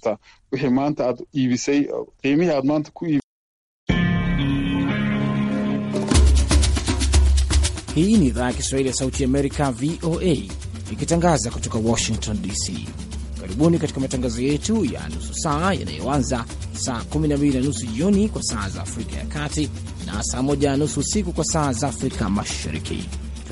kartaa wixii e maanta aad iibisay qiimihii e aad maanta ku iibisay. Hii ni idhaa ya Kiswahili ya Sauti ya Amerika, VOA, ikitangaza kutoka Washington DC. Karibuni katika matangazo yetu ya nusu saa yanayoanza saa 12 na nusu jioni kwa saa za Afrika ya Kati na saa 1 na nusu usiku kwa saa za Afrika Mashariki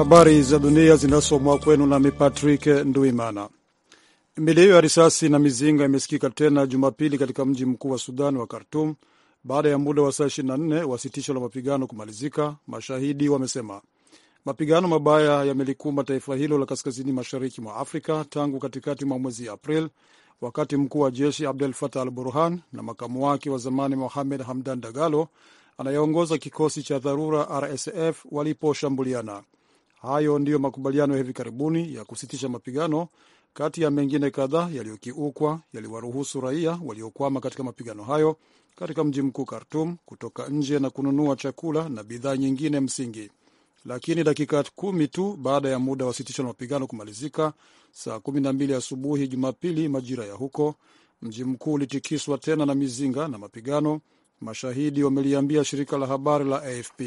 Habari za dunia zinasomwa kwenu nami Patrick Nduimana. Milio ya risasi na mizinga imesikika tena Jumapili katika mji mkuu wa Sudan wa Khartum baada ya muda wa saa 24 wa sitisho la mapigano kumalizika, mashahidi wamesema. Mapigano mabaya yamelikumba taifa hilo la kaskazini mashariki mwa Afrika tangu katikati mwa mwezi April, wakati mkuu wa jeshi Abdel Fatah al Burhan na makamu wake wa zamani Mohamed Hamdan Dagalo anayeongoza kikosi cha dharura RSF waliposhambuliana. Hayo ndiyo makubaliano ya hivi karibuni ya kusitisha mapigano kati ya mengine kadhaa yaliyokiukwa yaliwaruhusu raia waliokwama katika mapigano hayo katika mji mkuu Khartum kutoka nje na kununua chakula na bidhaa nyingine msingi. Lakini dakika kumi tu baada ya muda wa sitisho la mapigano kumalizika saa mbili asubuhi Jumapili majira ya huko, mji mkuu ulitikiswa tena na mizinga na mapigano, mashahidi wameliambia shirika la habari la AFP.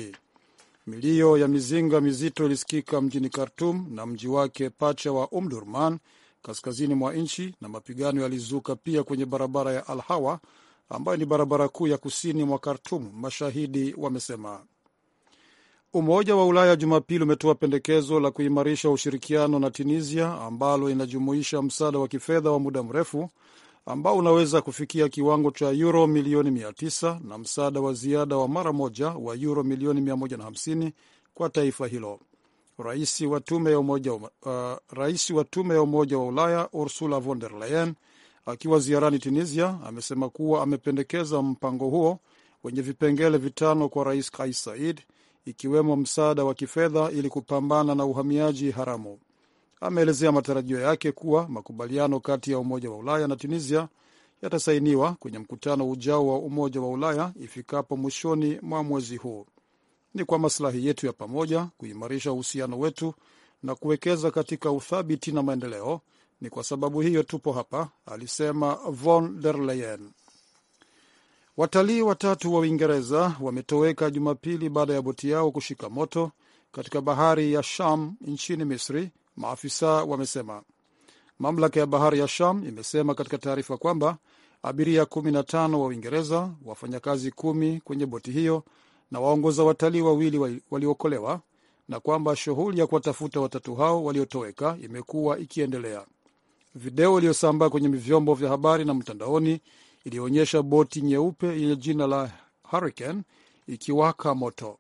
Milio ya mizinga mizito ilisikika mjini Khartum na mji wake pacha wa Umdurman kaskazini mwa nchi, na mapigano yalizuka pia kwenye barabara ya Al Hawa ambayo ni barabara kuu ya kusini mwa Khartum, mashahidi wamesema. Umoja wa Ulaya Jumapili umetoa pendekezo la kuimarisha ushirikiano na Tunisia ambalo inajumuisha msaada wa kifedha wa muda mrefu ambao unaweza kufikia kiwango cha euro milioni 900 na msaada wa ziada wa mara moja wa euro milioni 150 kwa taifa hilo. Rais wa tume ya umoja, uh, rais wa tume ya Umoja wa Ulaya Ursula von der Leyen akiwa ziarani Tunisia amesema kuwa amependekeza mpango huo wenye vipengele vitano kwa Rais Kais said ikiwemo msaada wa kifedha ili kupambana na uhamiaji haramu ameelezea matarajio yake kuwa makubaliano kati ya Umoja wa Ulaya na Tunisia yatasainiwa kwenye mkutano ujao wa Umoja wa Ulaya ifikapo mwishoni mwa mwezi huu. Ni kwa masilahi yetu ya pamoja kuimarisha uhusiano wetu na kuwekeza katika uthabiti na maendeleo. Ni kwa sababu hiyo tupo hapa, alisema von der Leyen. Watalii watatu wa Uingereza wametoweka Jumapili baada ya boti yao kushika moto katika bahari ya Sham nchini Misri, maafisa wamesema. Mamlaka ya bahari ya Sham imesema katika taarifa kwamba abiria 15 wa Uingereza, wafanyakazi kumi kwenye boti hiyo na waongoza watalii wawili waliokolewa, na kwamba shughuli ya kuwatafuta watatu hao waliotoweka imekuwa ikiendelea. Video iliyosambaa kwenye vyombo vya habari na mtandaoni iliyoonyesha boti nyeupe yenye jina la Hurricane ikiwaka moto.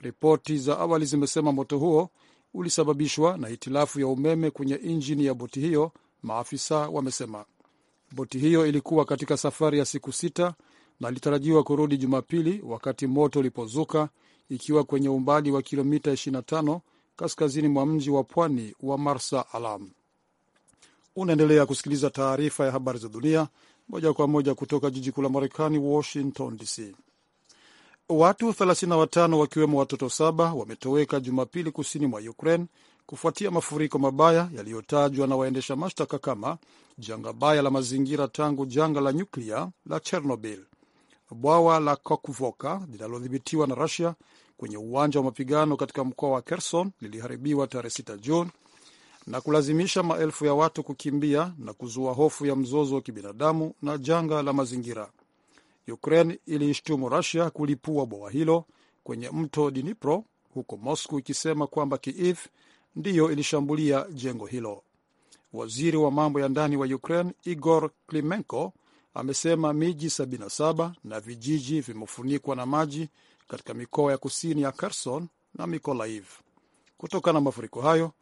Ripoti za awali zimesema moto huo ulisababishwa na hitilafu ya umeme kwenye injini ya boti hiyo, maafisa wamesema. Boti hiyo ilikuwa katika safari ya siku sita na ilitarajiwa kurudi Jumapili wakati moto ulipozuka, ikiwa kwenye umbali wa kilomita 25 kaskazini mwa mji wa pwani wa Marsa Alam. Unaendelea kusikiliza taarifa ya habari za dunia moja kwa moja kutoka jiji kuu la Marekani, Washington DC. Watu 35 wakiwemo watoto saba wametoweka Jumapili kusini mwa Ukraine kufuatia mafuriko mabaya yaliyotajwa na waendesha mashtaka kama janga baya la mazingira tangu janga la nyuklia la Chernobyl. Bwawa la Kokvoka linalodhibitiwa na Rusia kwenye uwanja wa mapigano katika mkoa wa Kherson liliharibiwa tarehe 6 Juni na kulazimisha maelfu ya watu kukimbia na kuzua hofu ya mzozo wa kibinadamu na janga la mazingira. Ukraine iliishtumu Rusia kulipua bwawa hilo kwenye mto Dnipro, huku Moscow ikisema kwamba Kiev ndiyo ilishambulia jengo hilo. Waziri wa mambo ya ndani wa Ukraine Igor Klimenko amesema miji 77 na vijiji vimefunikwa na maji katika mikoa ya kusini ya Kherson na Mikolaiv. Kutokana na mafuriko hayo,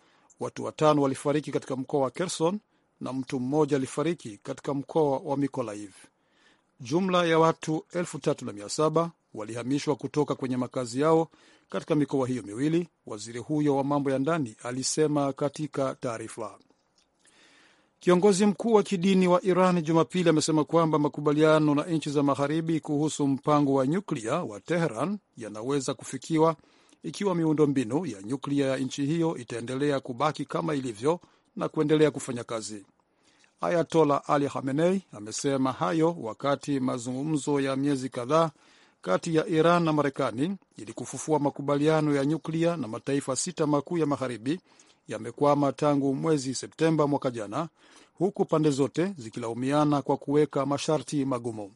watu watano walifariki katika mkoa wa Kherson na mtu mmoja alifariki katika mkoa wa Mikolaiv. Jumla ya watu 3700 walihamishwa kutoka kwenye makazi yao katika mikoa hiyo miwili, waziri huyo wa mambo ya ndani alisema katika taarifa. Kiongozi mkuu wa kidini wa Iran Jumapili amesema kwamba makubaliano na nchi za magharibi kuhusu mpango wa nyuklia wa Teheran yanaweza kufikiwa ikiwa miundo mbinu ya nyuklia ya nchi hiyo itaendelea kubaki kama ilivyo na kuendelea kufanya kazi. Ayatola Ali Hamenei amesema hayo wakati mazungumzo ya miezi kadhaa kati ya Iran na Marekani ili kufufua makubaliano ya nyuklia na mataifa sita makuu ya magharibi yamekwama tangu mwezi Septemba mwaka jana, huku pande zote zikilaumiana kwa kuweka masharti magumu.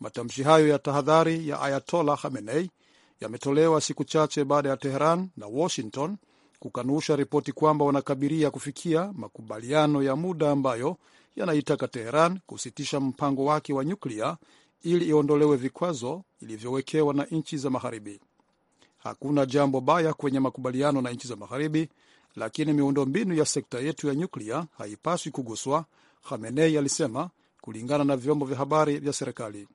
Matamshi hayo ya tahadhari ya Ayatola Hamenei yametolewa siku chache baada ya Teheran na Washington kukanusha ripoti kwamba wanakabiria kufikia makubaliano ya muda ambayo yanaitaka Teheran kusitisha mpango wake wa nyuklia ili iondolewe vikwazo ilivyowekewa na nchi za Magharibi. Hakuna jambo baya kwenye makubaliano na nchi za Magharibi, lakini miundo mbinu ya sekta yetu ya nyuklia haipaswi kuguswa, Khamenei alisema kulingana na vyombo vya habari vya serikali.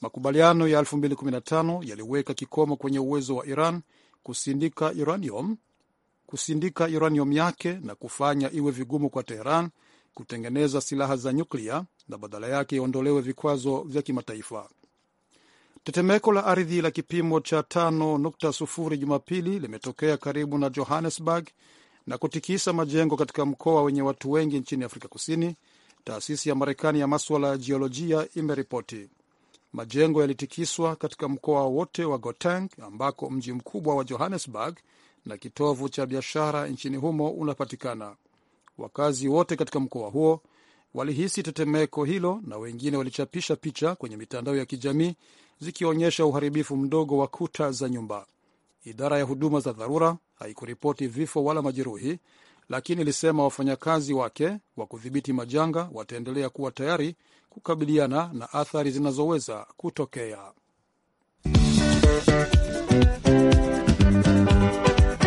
Makubaliano ya 2015 yaliweka kikomo kwenye uwezo wa Iran kusindika uranium kusindika uranium yake na kufanya iwe vigumu kwa Teheran kutengeneza silaha za nyuklia na badala yake iondolewe vikwazo vya kimataifa. Tetemeko la ardhi la kipimo cha 5.0 Jumapili limetokea karibu na Johannesburg na kutikisa majengo katika mkoa wenye watu wengi nchini Afrika Kusini, taasisi ya Marekani ya maswala ya jiolojia imeripoti. Majengo yalitikiswa katika mkoa wote wa Gauteng ambako mji mkubwa wa Johannesburg na kitovu cha biashara nchini humo unapatikana. Wakazi wote katika mkoa huo walihisi tetemeko hilo na wengine walichapisha picha kwenye mitandao ya kijamii zikionyesha uharibifu mdogo wa kuta za nyumba. Idara ya huduma za dharura haikuripoti vifo wala majeruhi, lakini ilisema wafanyakazi wake wa kudhibiti majanga wataendelea kuwa tayari kukabiliana na athari zinazoweza kutokea.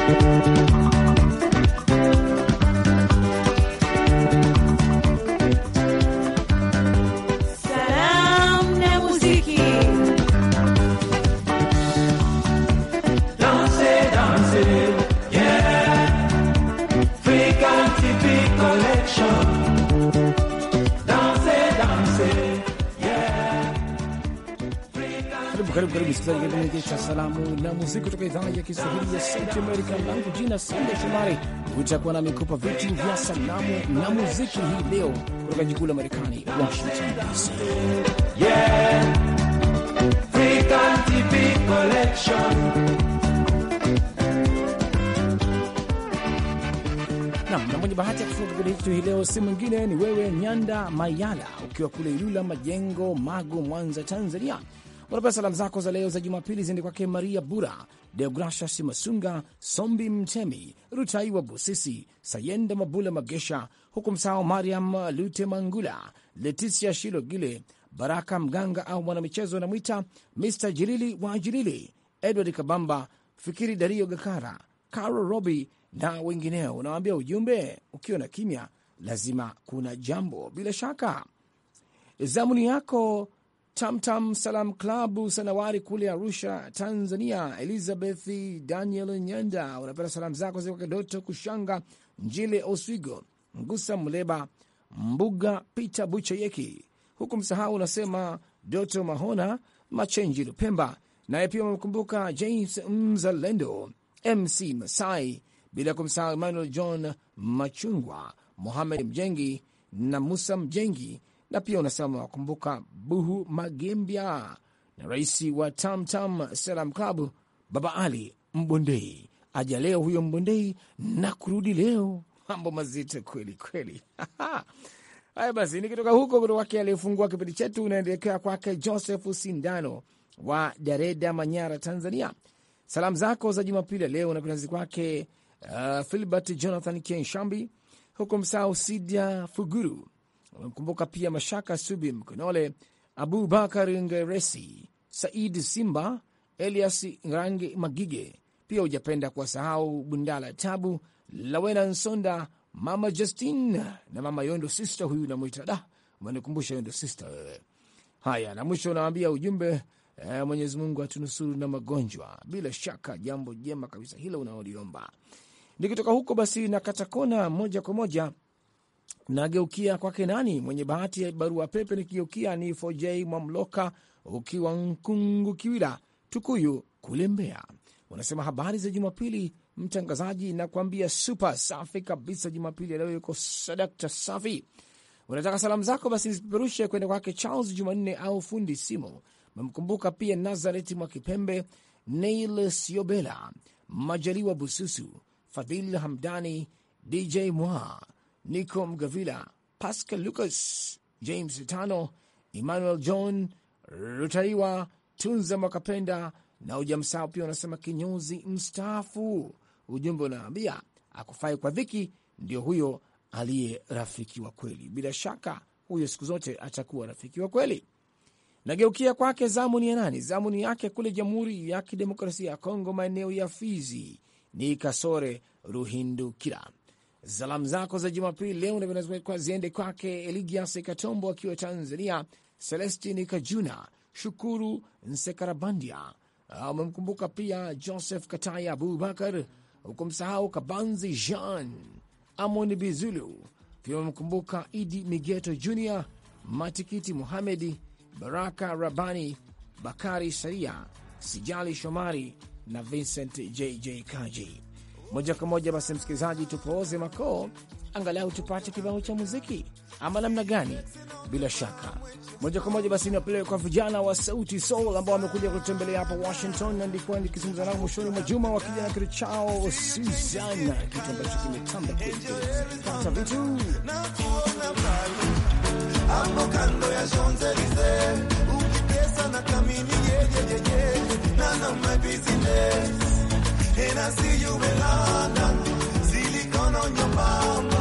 Thank you. kusikiliza kipindi cha salamu na muziki kutoka idhaa ya Kiswahili ya Sauti Amerika. Langu jina Sande Shomari, utakuwa na mikopa vitu vya salamu na muziki hii leo kutoka jikuu la Marekani, Washington DC. Nam na mwenye bahati ya kufunga kipindi hicho hii leo si mwingine ni wewe Nyanda Mayala, ukiwa kule Ilula Majengo, Magu, Mwanza, Tanzania Unapea salamu zako za leo za Jumapili ziende kwake Maria Bura, Deogracia Simasunga, Sombi Mtemi, Rutai wa Busisi, Sayenda Mabula Magesha, huku msao Mariam Lute Mangula, Leticia Shilogile, Baraka Mganga au mwanamichezo anamwita Mr Jilili wa Jilili, Edward Kabamba, Fikiri Dario Gakara, Caro Robi na wengineo. Unawaambia ujumbe, ukiwa na kimya lazima kuna jambo. Bila shaka zamuni yako Tamtam Salam Klabu Sanawari kule Arusha, Tanzania. Elizabeth Daniel Nyanda unapenda salamu zako kwake Doto Kushanga, Njile Oswigo, Ngusa Mleba, Mbuga Pita Bucheyeki, huku msahau unasema Doto Mahona Machenji Lupemba, naye pia umemkumbuka James Mzalendo, MC Masai, bila kumsahau Emmanuel John Machungwa, Mohamed Mjengi na Musa Mjengi na pia unasema wakumbuka Buhu Magembya na rais wa Tamtam Selam Klabu Baba Ali Mbondei. Aja leo huyo Mbondei na kurudi leo, mambo mazito kweli kweli. Haya basi, nikitoka huko kwake aliyefungua kipindi chetu, unaendekea kwake Joseph Sindano wa Dareda, Manyara, Tanzania. Salamu zako za Jumapili ya leo unapendazi kwake uh, Filbert Jonathan Kenshambi, huko msaa Usidia Fuguru wamemkumbuka pia Mashaka Subi Mkonole, Abu Bakar Ngeresi, Said Simba, Elias Rangi Magige, pia hujapenda kuwasahau Bundala Tabu, Lawena Nsonda, Mama Justine na Mama Yondo Sister. Huyu namwita da, umenikumbusha Yondo Sister wewe. Haya, na mwisho unawambia ujumbe e, Mwenyezi Mungu atunusuru na magonjwa. Bila shaka jambo jema kabisa hilo unaoliomba. Nikitoka huko basi, na katakona moja kwa moja Nageukia kwake nani mwenye bahati ya barua pepe, nikigeukia ni Foj Mwamloka ukiwa Nkungu Kiwira, Tukuyu kule Mbeya. Unasema habari za Jumapili mtangazaji, nakuambia supa safi kabisa. Jumapili ya leo yuko sadakta safi. Unataka salamu zako basi zipeperushe kwenda kwake Charles Jumanne au fundi Simo. Memkumbuka pia Nazareti mwa Kipembe, Neil Siobela, Majaliwa Bususu, Fadhil Hamdani, DJ Mwaa Nico Mgavila, Pascal Lucas, James Tano, Emmanuel John Rutaiwa, Tunza Mwakapenda na ujamsao pia unasema kinyozi mstaafu. Ujumbe unaambia akufai kwa dhiki, ndio huyo aliye rafiki wa kweli. Bila shaka huyo siku zote atakuwa rafiki wa kweli. Nageukia kwake. Zamu ni ya nani? Zamu ni yake kule Jamhuri ya Kidemokrasia ya Kongo, maeneo ya Fizi, ni Kasore Ruhindukira Salamu zako za Jumapili leo navinazekwa ziende kwake Eligias Katombo akiwa Tanzania, Celestini Kajuna, Shukuru Nsekarabandia. Ah, umemkumbuka pia Joseph Kataya Abubakar, ukumsahau Kabanzi Jean Amon Bizulu, pia umemkumbuka Idi Migeto Junior, Matikiti Muhamedi, Baraka Rabani, Bakari Saria, Sijali Shomari na Vincent JJ Kaji. Moja kwa moja basi, msikilizaji, tupooze makoo angalau tupate kibao cha muziki ama namna gani? Bila shaka, moja kwa moja basi niwapeleke kwa vijana wa Sauti Soul ambao wamekuja kutembelea hapa Washington, na ndikuwa nikizungumza nao mwishoni mwa juma, wakija na kitu chao Suzana, kitu ambacho kimetamba pata vitu and I see you in London, silicone on your palm.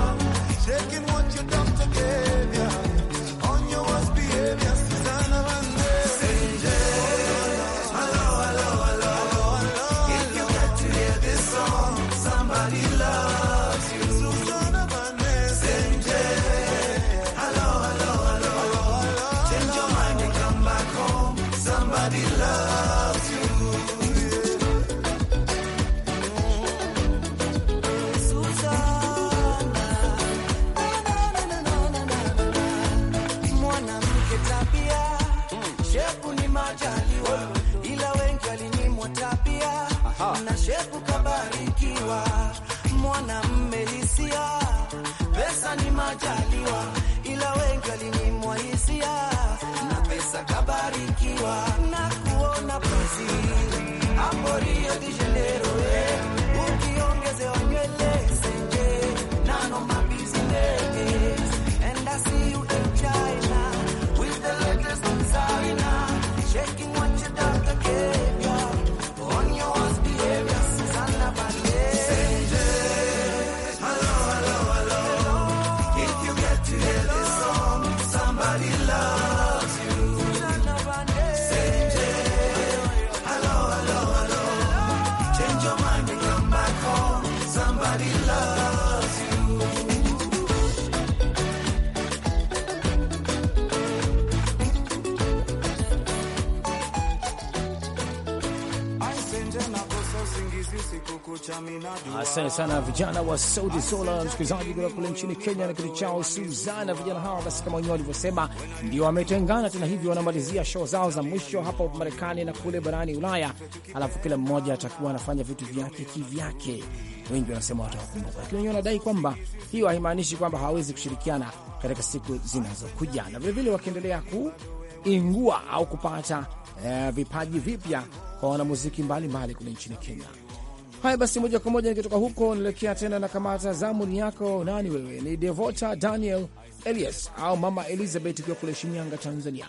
Lua. sana vijana wa Saudi Sola, msikilizaji kutoka kule nchini Kenya na kitu chao Suzana. Vijana hawa basi, kama wenyewe walivyosema, ndio wametengana tena, hivyo wanamalizia show zao za mwisho hapa Marekani na kule barani Ulaya, alafu kila mmoja atakuwa anafanya vitu vyake kivyake. Wengi wanasema watawakumbuka, lakini wenyewe wanadai kwamba hiyo haimaanishi kwamba hawawezi kushirikiana katika siku zinazokuja, na vilevile wakiendelea kuingua au kupata eh, vipaji vipya kwa wanamuziki mbalimbali kule nchini Kenya. Haya basi, moja kwa moja nikitoka huko naelekea tena na kamata zamuni yako. Nani wewe? Ni Devota Daniel Elias au Mama Elizabeth ukiwa kule Shinyanga, Tanzania.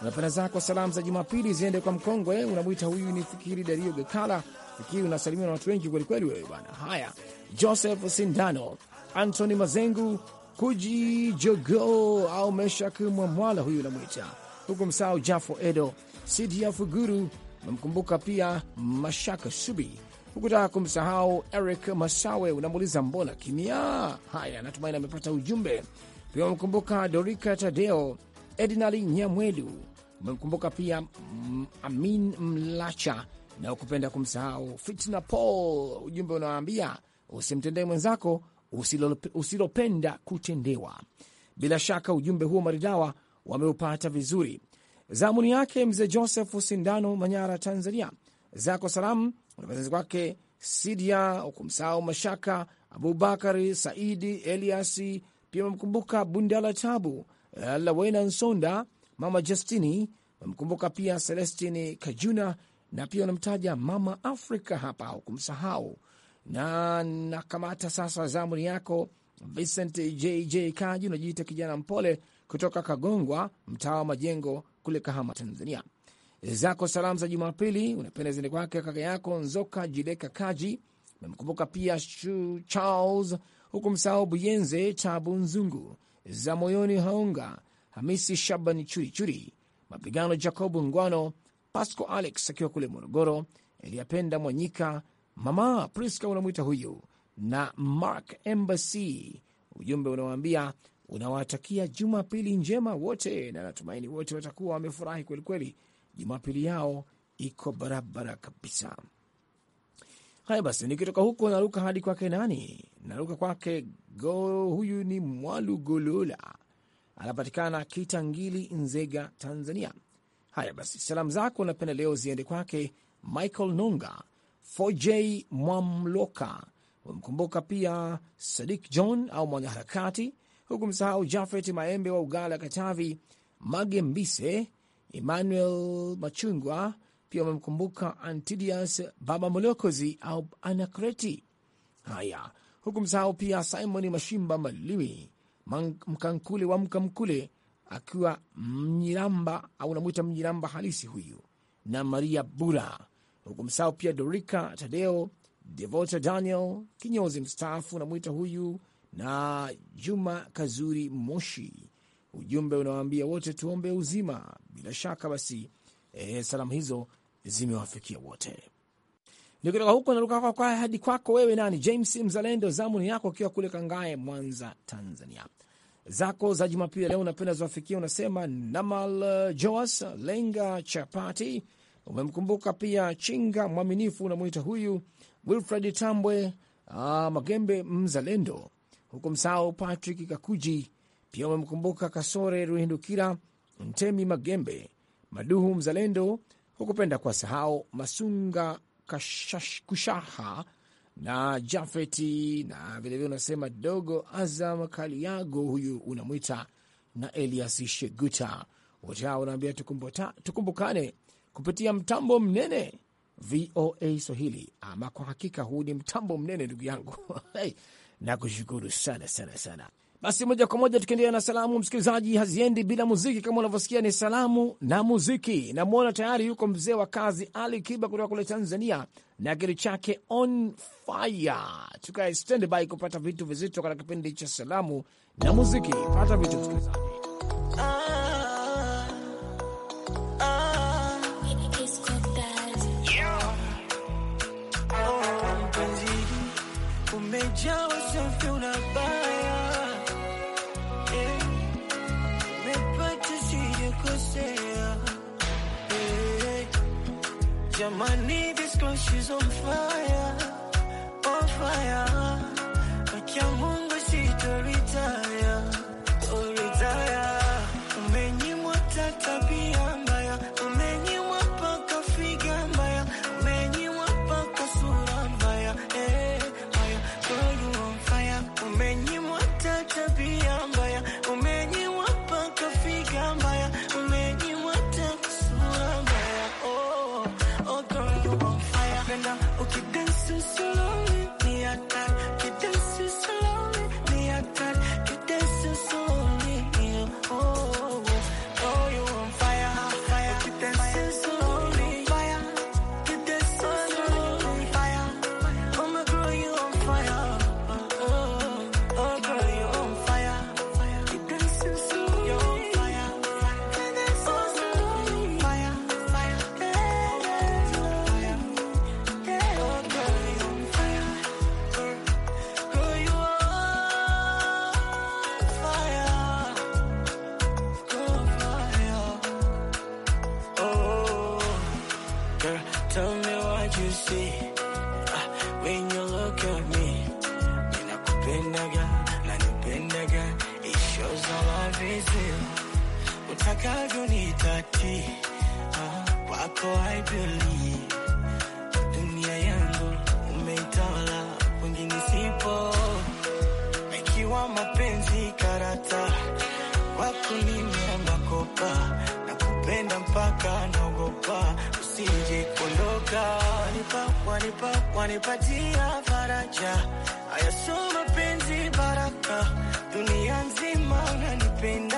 Unapenda zako salamu za Jumapili ziende kwa mkongwe, unamwita huyu ni Fikiri Dario Gekala, Fikiri unasalimiwa na watu wengi kwelikweli wewe bwana. Haya, Joseph Sindano, Antony Mazengu, Kuji Jogo au Meshak Mwamwala, huyu unamwita huku msao Jafo Edo, Sidia Fuguru, unamkumbuka pia Mashaka Subi hukutaka kumsahau Eric Masawe, unamuuliza mbona kimya? Haya, natumaini amepata ujumbe pia. Umemkumbuka Dorika Tadeo, Edinali Nyamwelu, umemkumbuka pia mm, Amin Mlacha na ukupenda kumsahau Fitna Paul. Ujumbe unawaambia usimtendee mwenzako usilopenda kutendewa. Bila shaka ujumbe huo maridawa wameupata vizuri. Zamuni yake mzee Joseph Sindano, Manyara, Tanzania, zako salamu kuna kwake wake Sidia ukumsahau Mashaka Abubakari Saidi Eliasi, pia wamemkumbuka Bundala Tabu Lawena Nsonda, mama Justini, wamemkumbuka pia Celestini Kajuna na pia wanamtaja mama Afrika hapa ukumsahau Na nakamata sasa zamuni yako Vincent JJ Kaji, unajiita kijana mpole kutoka Kagongwa, mtaa wa Majengo kule Kahama, Tanzania zako salamu za Jumapili unapenda ziende kwake kaka yako Nzoka Jileka Kaji, memkumbuka pia Shu Charles huku msahau Buyenze Tabu Nzungu za moyoni haunga Hamisi Shaban Churichuri Mapigano Jacobu Ngwano Pasco Alex akiwa kule Morogoro, Eliapenda Mwanyika mama Priska unamwita huyu na Mark Embassy. Ujumbe unawaambia unawatakia Jumapili njema wote, na natumaini wote watakuwa wamefurahi kwelikweli Jumapili yao iko barabara kabisa. Haya basi, nikitoka huko naruka hadi kwake nani? Naruka kwake go, huyu ni Mwalu Golola, anapatikana Kitangili, Nzega, Tanzania. Haya basi, salamu zako napenda leo ziende kwake Michael Nonga, Foj Mwamloka, wamkumbuka pia Sadik John au mwanaharakati, huku msahau Jafet Maembe wa Ugala, Katavi, Mage Mbise Emmanuel Machungwa pia wamemkumbuka antidias Baba Molokozi au Anakreti. Haya, huku msahau pia Simoni Mashimba Malimi Mkankule wa Mkamkule akiwa Mnyiramba au namwita Mnyiramba halisi huyu, na Maria Bura, huku msahau pia Dorika Tadeo, Devota Daniel kinyozi mstaafu namwita huyu, na Juma Kazuri Moshi ujumbe unawaambia wote tuombe uzima. Bila shaka basi, e, salamu hizo zimewafikia wote. Nikitoka huko naruka kwa kwa hadi kwako wewe, nani James Mzalendo, zamu ni yako ukiwa kule Kangae, Mwanza, Tanzania. Zako za Jumapili leo unapenda ziwafikie, unasema Namal eh, Joas Lenga Chapati, umemkumbuka pia Chinga Mwaminifu, unamwita huyu Wilfred Tambwe, ah, Magembe Mzalendo, huku msahau Patrick Kakuji pia wamemkumbuka Kasore Ruhindukira, Ntemi Magembe, Maduhu Mzalendo, hukupenda kwa sahau Masunga Kashash, Kushaha na Jafeti na vilevile unasema Dogo Azam Kaliago, huyu unamwita na Elias Sheguta. Wote hao unaambia tukumbukane kupitia mtambo mnene VOA Swahili. Ama kwa hakika huu ni mtambo mnene, ndugu yangu. Hey, nakushukuru sana sana sana. Basi moja kwa moja tukiendelea na salamu, msikilizaji, haziendi bila muziki. Kama unavyosikia ni salamu na muziki. Namwona tayari yuko mzee wa kazi Ali Kiba kutoka kule Tanzania na kitu chake on fire. Tukae standby kupata vitu vizito katika kipindi cha salamu na muziki. Pata vitu msikilizaji. ah, ah, yeah. oh, Jamani, this girl, she's on fire, on fire. Kacha Mungu return. faraja, ayasoma penzi baraka, dunia nzima unanipenda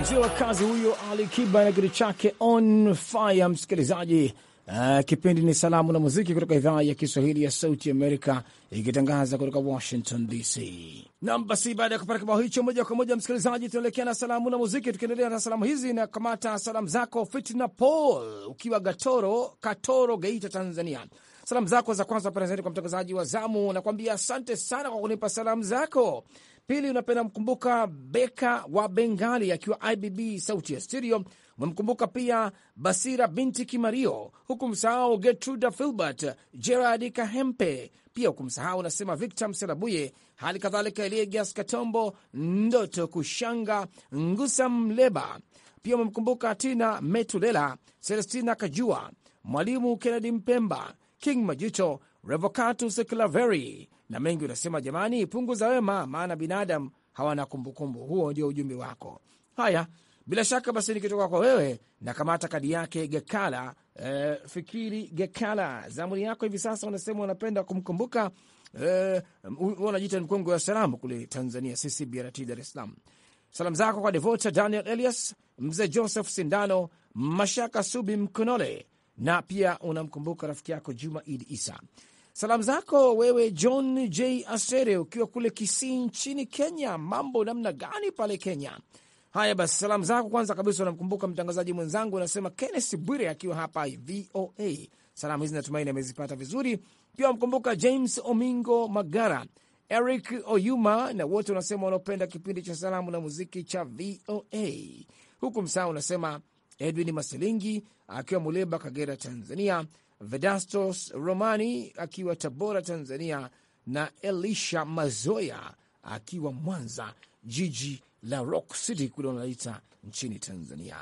mzee wa kazi huyo Ali Kiba na kitu chake on fire. Msikilizaji, uh, kipindi ni salamu na muziki kutoka idhaa ya Kiswahili ya Sauti Amerika ikitangaza kutoka Washington DC. Nam basi, baada ya kupata kibao hicho moja kwa moja, msikilizaji, tunaelekea na salamu na muziki. Tukiendelea na salamu hizi na kamata salamu zako Fitna Paul ukiwa Gatoro, Katoro, Geita, Tanzania. Salamu zako za kwanza panazaidi kwa mtangazaji wa zamu, nakuambia asante sana kwa kunipa salamu zako Pili, unapenda mkumbuka Beka wa Bengali akiwa IBB sauti ya studio. Umemkumbuka pia Basira binti Kimario, huku msahau getruda Filbert, Gerard Kahempe, pia huku msahau unasema Victor Mselabuye, hali kadhalika Eliegas Katombo, Ndoto Kushanga, Ngusa Mleba. Pia umemkumbuka Tina Metulela, Celestina Kajua, Mwalimu Kennedy Mpemba, King Majuto, Revocatus Claveri na mengi unasema jamani, punguza wema, maana binadamu hawana kumbukumbu Huo ndio ujumbe wako. Haya, bila shaka basi, nikitoka kwa wewe na kamata kadi yake Gekala. E, fikiri Gekala, zamuni yako hivi sasa. Unasema unapenda kumkumbuka eh, e, unajita mkongwe wa salamu kule Tanzania, sisi BRT Dar es Salaam. Salamu zako kwa Devota Daniel Elias, mzee Joseph Sindano, Mashaka Subi Mkonole, na pia unamkumbuka rafiki yako Juma Idi Isa. Salamu zako wewe John J Asere ukiwa kule Kisii nchini Kenya. Mambo namna gani pale Kenya? Haya basi, salamu zako kwanza kabisa unamkumbuka mtangazaji mwenzangu, anasema Kennes Bwire akiwa hapa VOA. Salamu hizi natumaini amezipata vizuri. Pia wamkumbuka James Omingo Magara, Eric Oyuma na wote unasema wanaopenda kipindi cha salamu na muziki cha VOA. Huku msaa unasema Edwin Masilingi akiwa Muleba, Kagera, Tanzania. Vedastos Romani akiwa Tabora, Tanzania, na Elisha Mazoya akiwa Mwanza, jiji la Rock City kule wanaita nchini Tanzania.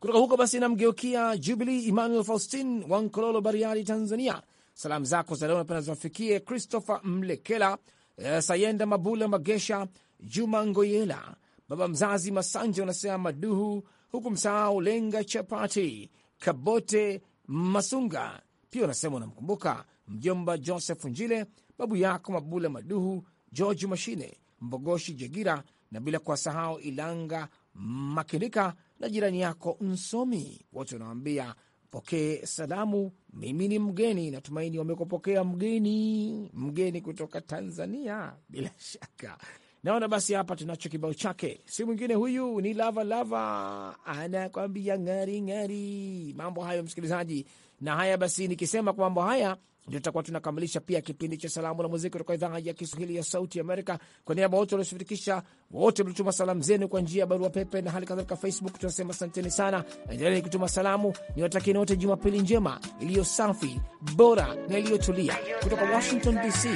Kutoka huko basi, namgeukia Jubili Emmanuel Faustin wa Nkololo, Bariadi, Tanzania. Salamu zako za leo napenda ziwafikie Christopher Mlekela, eh, Sayenda Mabula, Magesha Juma Ngoyela, baba mzazi Masanja wanasema Maduhu, huku msahau Lenga Chapati Kabote Masunga pia unasema unamkumbuka mjomba Joseph Njile, babu yako Mabula Maduhu, George Mashine, Mbogoshi Jegira, na bila kuwasahau Ilanga Makinika na jirani yako Msomi. Wote wanawambia pokee salamu, mimi ni mgeni. Natumaini wamekupokea mgeni, mgeni kutoka Tanzania bila shaka. Naona basi hapa tunacho kibao chake, si mwingine huyu ni Lava Lava anakwambia ng'ari ng'ari. Mambo hayo msikilizaji, na haya basi, nikisema kwa mambo haya ndio tutakuwa tunakamilisha pia kipindi cha salamu na muziki kutoka idhaa ya Kiswahili ya Sauti Amerika. Kwa niaba wote walioshirikisha, wote mlituma salamu zenu kwa njia ya barua pepe na hali kadhalika Facebook, tunasema asanteni sana. Endeleni kutuma salamu, ni watakini wote Jumapili njema iliyo safi, bora na iliyotulia. Kutoka Washington DC,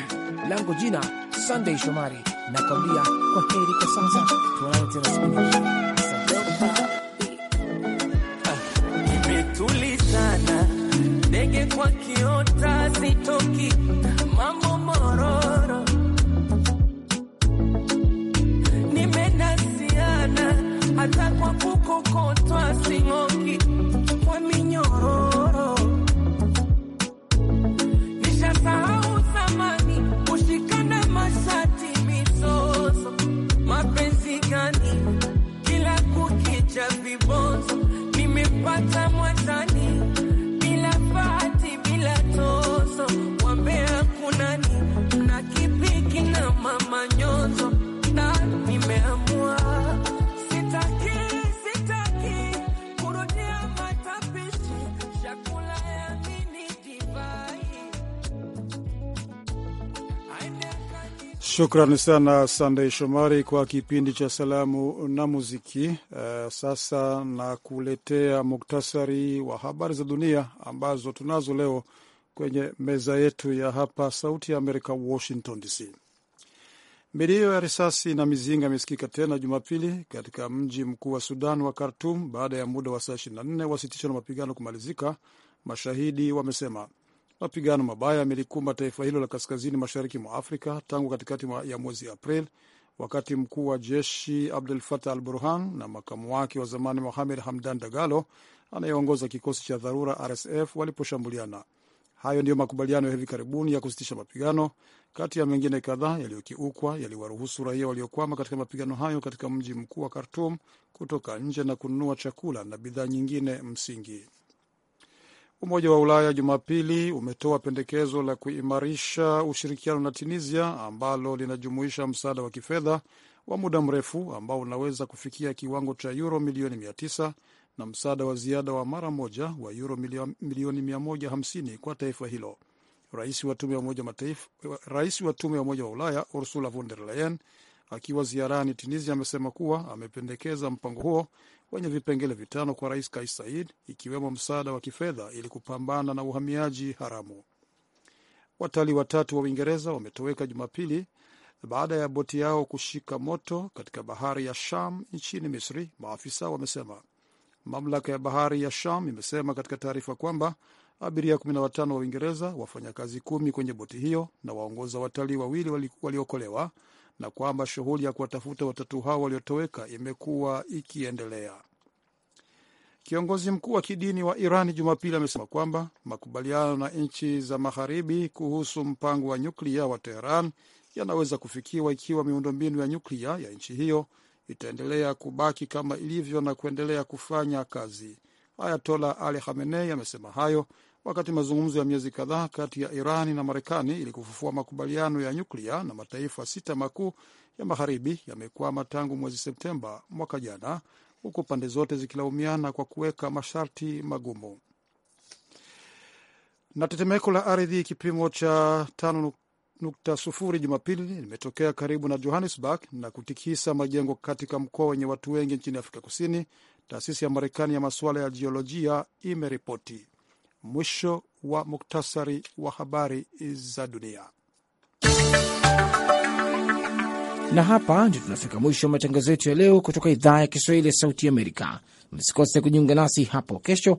langu jina Sandey Shomari, nakwambia kwa heri kwa sasa, tuonane tena siku nipige kwa kiota, sitoki mambo mororo, nimenasiana hata kwa kukokotwa sing'oki Shukrani sana Sandey Shomari kwa kipindi cha salamu na muziki. Uh, sasa kuletea muktasari wa habari za dunia ambazo tunazo leo kwenye meza yetu ya hapa Sauti ya Amerika, Washington DC. Milio ya risasi na mizinga imesikika tena Jumapili katika mji mkuu wa Sudan wa Khartum baada ya muda wa saa 24 wasitisho na mapigano kumalizika, mashahidi wamesema. Mapigano mabaya yamelikumba taifa hilo la kaskazini mashariki mwa Afrika tangu katikati ya mwezi April, wakati mkuu wa jeshi Abdul Fatah al Burhan na makamu wake wa zamani Mohamed Hamdan Dagalo anayeongoza kikosi cha dharura RSF waliposhambuliana. Hayo ndiyo makubaliano ya hivi karibuni ya kusitisha mapigano, kati ya mengine kadhaa yaliyokiukwa, yaliwaruhusu raia waliokwama katika mapigano hayo katika mji mkuu wa Khartum kutoka nje na kununua chakula na bidhaa nyingine msingi. Umoja wa Ulaya Jumapili umetoa pendekezo la kuimarisha ushirikiano na Tunisia ambalo linajumuisha msaada wa kifedha wa muda mrefu ambao unaweza kufikia kiwango cha yuro milioni 900 na msaada wa ziada wa mara moja wa yuro milioni 150 kwa taifa hilo. Rais wa tume ya Umoja wa Ulaya Ursula von der Leyen akiwa ziarani Tunisia amesema kuwa amependekeza mpango huo wenye vipengele vitano kwa Rais Kais Saied, ikiwemo msaada wa kifedha ili kupambana na uhamiaji haramu. Watalii watatu wa Uingereza wametoweka Jumapili baada ya boti yao kushika moto katika bahari ya Sham nchini Misri, maafisa wamesema. Mamlaka ya bahari ya Sham imesema katika taarifa kwamba abiria 15 wa Uingereza, wafanyakazi kumi kwenye boti hiyo na waongoza watalii wawili waliokolewa, na kwamba shughuli ya kuwatafuta watatu hao waliotoweka imekuwa ikiendelea. Kiongozi mkuu wa kidini wa Iran Jumapili amesema kwamba makubaliano na nchi za magharibi kuhusu mpango wa nyuklia wa Teheran yanaweza kufikiwa ikiwa miundombinu ya nyuklia ya nchi hiyo itaendelea kubaki kama ilivyo na kuendelea kufanya kazi. Ayatola Ali Khamenei amesema hayo wakati mazungumzo ya miezi kadhaa kati ya Irani na Marekani ili kufufua makubaliano ya nyuklia na mataifa sita makuu ya magharibi yamekwama tangu mwezi Septemba mwaka jana, huku pande zote zikilaumiana kwa kuweka masharti magumu. Na tetemeko la ardhi kipimo cha 6.0 Jumapili limetokea karibu na Johannesburg na kutikisa majengo katika mkoa wenye watu wengi nchini Afrika Kusini, taasisi ya Marekani ya masuala ya jiolojia imeripoti. Mwisho wa muktasari wa habari za dunia. Na hapa ndio tunafika mwisho wa matangazo yetu ya leo kutoka idhaa ya Kiswahili ya Sauti Amerika. Msikose kujiunga nasi hapo kesho